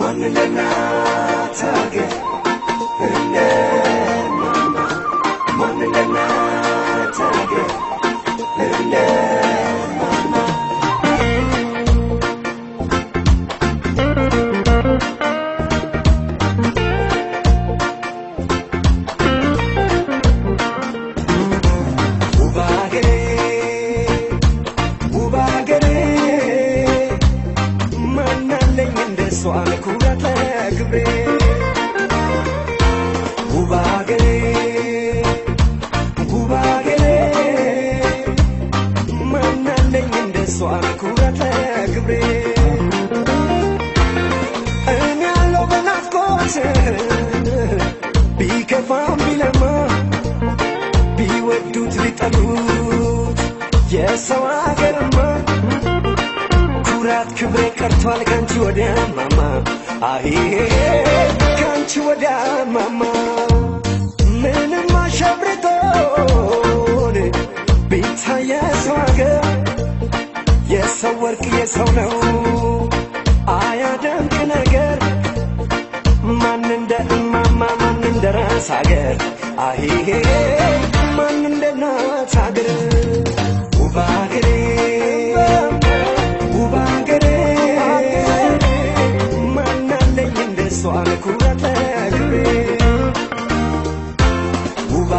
ማን ለእናት አገር ቢከፋም ቢለማ ቢወዱት ቢጠሉት የሰው አገርማ ኩራት ክብሬ ቀርቷል ከንቺ ወዲያ ማማ አይ ከንቺ ወዲያ ማማ ምንም አሸብርቶን ቢታይ የሰው አገር የሰው ወርቅ የሰው ነው የእናት ሀገር አሄሄ ማን እንደ እናት ውብ ውብ ማን አለኝ ኩራት ለልቤ ውብ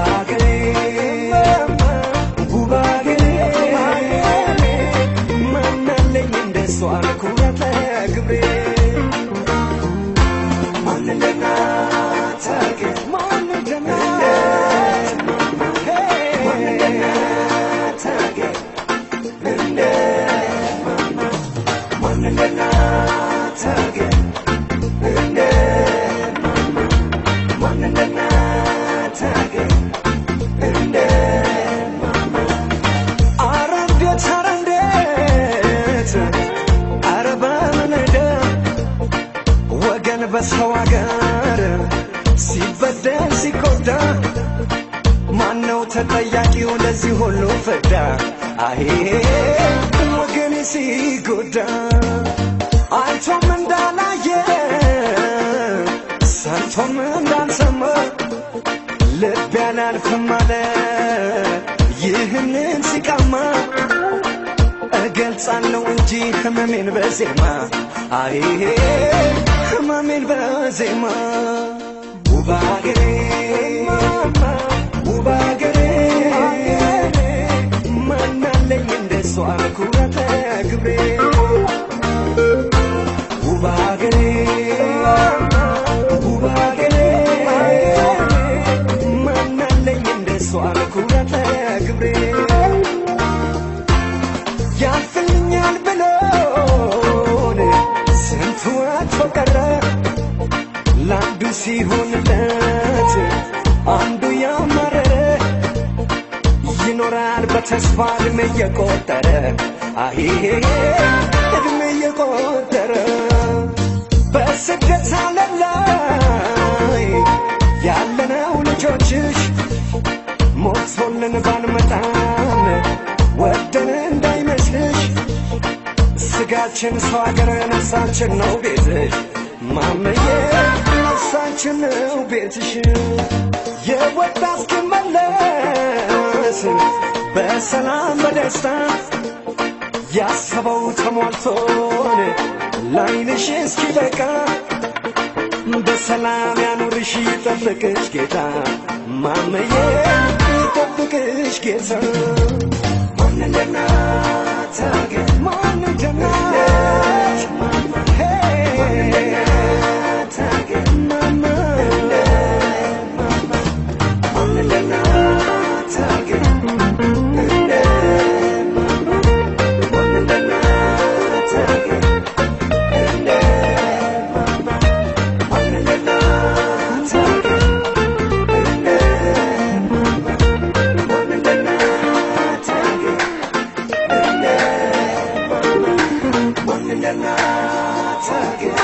ውብ ማን አለኝ ኩራት በሰው አገር ሲበደል ሲቆዳ ማነው ተጠያቂው ለዚህ ሁሉ ፍዳ? አይ ወገኔ ሲጎዳ አይቶም እንዳላየ ሰምቶም እንዳ አላውቅም አለ ይህንን ሲቃማ እገልጻለሁ እንጂ ህመሜን በዜማ አይ ህመሜን በዜማ ውብ ተስፋ እድሜ እየቆጠረ አሂሄ እድሜ እየቆጠረ በስደት ዓለም ላይ ያለነው ልጆችሽ ሞቶልን ባንመጣም ወደን እንዳይመስልሽ ስጋችን ሰው ሀገር ነፍሳችን ነው ቤትሽ ማመዬ ነፍሳችን ነው ቤትሽ የወጣ እስክመለስ በሰላም በደስታ ያሰበው ተሟልቶን ላይንሽ እስኪበቃ በሰላም ያኑርሽ ይጠብቅሽ ጌታ ማመዬ ይጠብቅሽ ጌታ ማንነና Yeah.